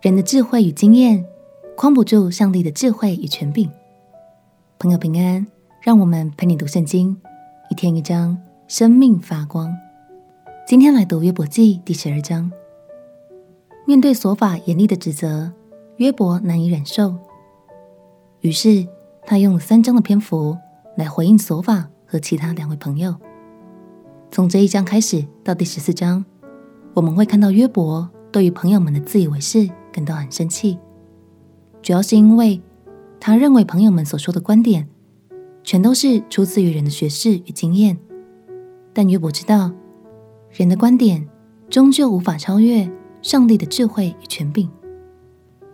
人的智慧與經驗，框不住上帝的智慧與權柄。朋友平安，讓我們陪你讀聖經，一天一章，生命發光。今天來讀約伯記第十二章。面對瑣法嚴厲的指責，約伯難以忍受，於是他用了三章的篇幅來回應瑣法和其他兩位朋友。從這一章開始到第十四章，我們會看到約伯對於朋友們的自以為是，感到很生氣，主要是因為他認為朋友們所說的觀點，全都是出自於人的學識與經驗，但約伯知道，人的觀點終究無法超越上帝的智慧與權柄。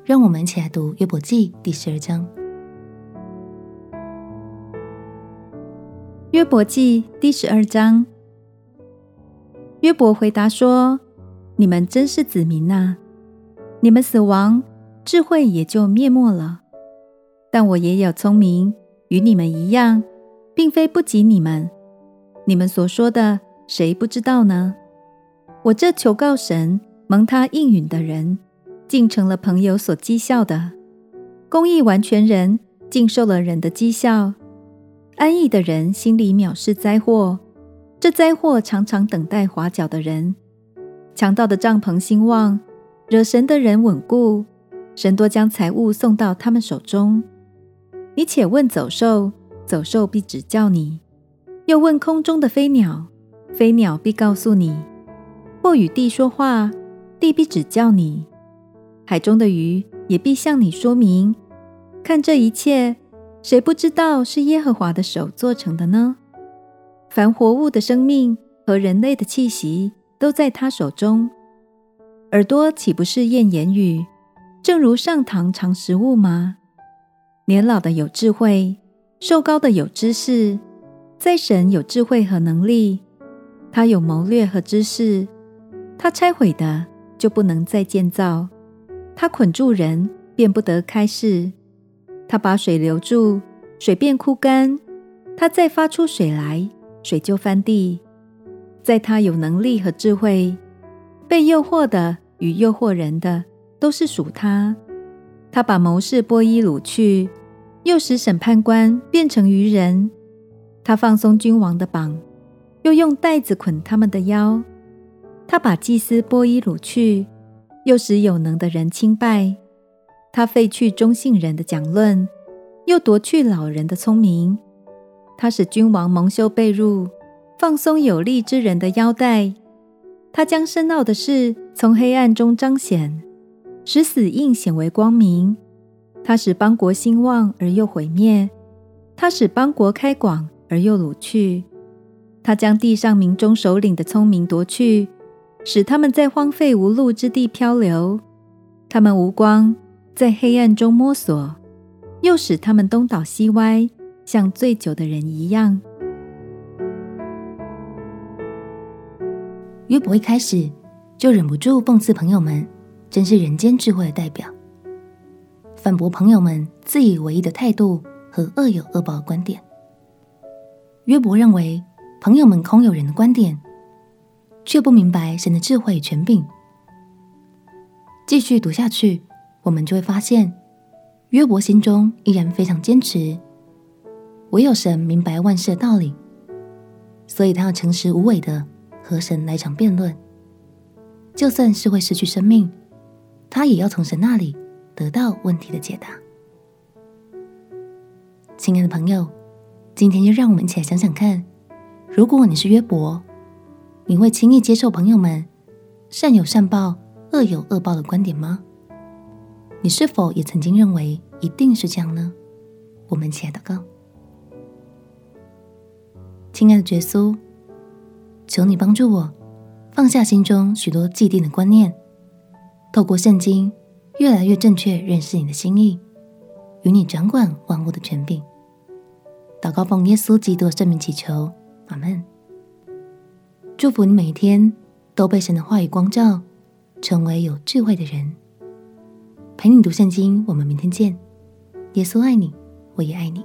讓我們一起來讀約伯記第十二章。約伯記第十二章，約伯回答說：“你們真是子民吶、啊！”你們死亡，智慧也就滅沒了。但我也有聰明，與你們一樣，並非不及你們。你們所說的，誰不知道呢？我這求告神，蒙他應允的人，竟成了朋友所譏笑的；公義完全人，竟受了人的譏笑；安逸的人心裡藐視災禍，這災禍常常等待滑腳的人。強盜的帳篷興旺。惹神的人穩固，神多將財物送到他們手中。你且問走獸，走獸必指教你；又問空中的飛鳥，飛鳥必告訴你；或與地說話，地必指教你；海中的魚也必向你說明。看這一切，誰不知道是耶和華的手做成的呢？凡活物的生命和人類的氣息都在他手中。耳朵豈不試驗言語？正如上膛嘗食物嗎？年老的有智慧，壽高的有知識。在神有智慧和能力，他有謀略和知識。他拆毀的就不能再建造；他捆住人便不得開釋；他把水留住，水便枯乾；他再發出水來，水就翻地。在他有能力和智慧，被誘惑的。與誘惑人的都是屬他。他把謀士剝衣擄去，又使審判官變成愚人。他放鬆君王的綁，又用帶子捆他們的腰。他把祭司剝衣擄去，又使有能的人傾敗。他廢去忠信人的講論，又奪去老人的聰明。他使君王蒙羞被辱，放鬆有力之人的腰帶。他將深奧的事從黑暗中彰顯，使死蔭顯為光明。他使邦國興旺而又毀滅，他使邦國開廣而又擄去。他將地上民中首領的聰明奪去，使他們在荒廢無路之地漂流。他們無光，在黑暗中摸索，又使他們東倒西歪，像醉酒的人一樣。約伯一開始就忍不住諷刺朋友們，真是人間智慧的代表，反駁朋友們自以為意的態度和惡有惡報的觀點。約伯認為朋友們空有人的觀點，卻不明白神的智慧與權柄。繼續讀下去，我們就會發現，約伯心中依然非常堅持，唯有神明白萬事的道理，所以他要誠實無偽的。和神來場辯論，就算是會失去生命，他也要從神那裡得到問題的解答。親愛的朋友，今天就讓我們一起來想想看：如果你是約伯，你會輕易接受“朋友們善有善報，惡有惡報”的觀點嗎？你是否也曾經認為一定是這樣呢？我們一起來禱告。親愛的絕蘇。求你幫助我放下心中許多既定的觀念，透過聖經越來越正確認識你的心意，與你掌管萬物的權柄。禱告奉耶穌基督聖名祈求，阿門。祝福你每一天都被神的話語光照，成為有智慧的人。陪你讀聖經，我們明天見。耶穌愛你，我也愛你。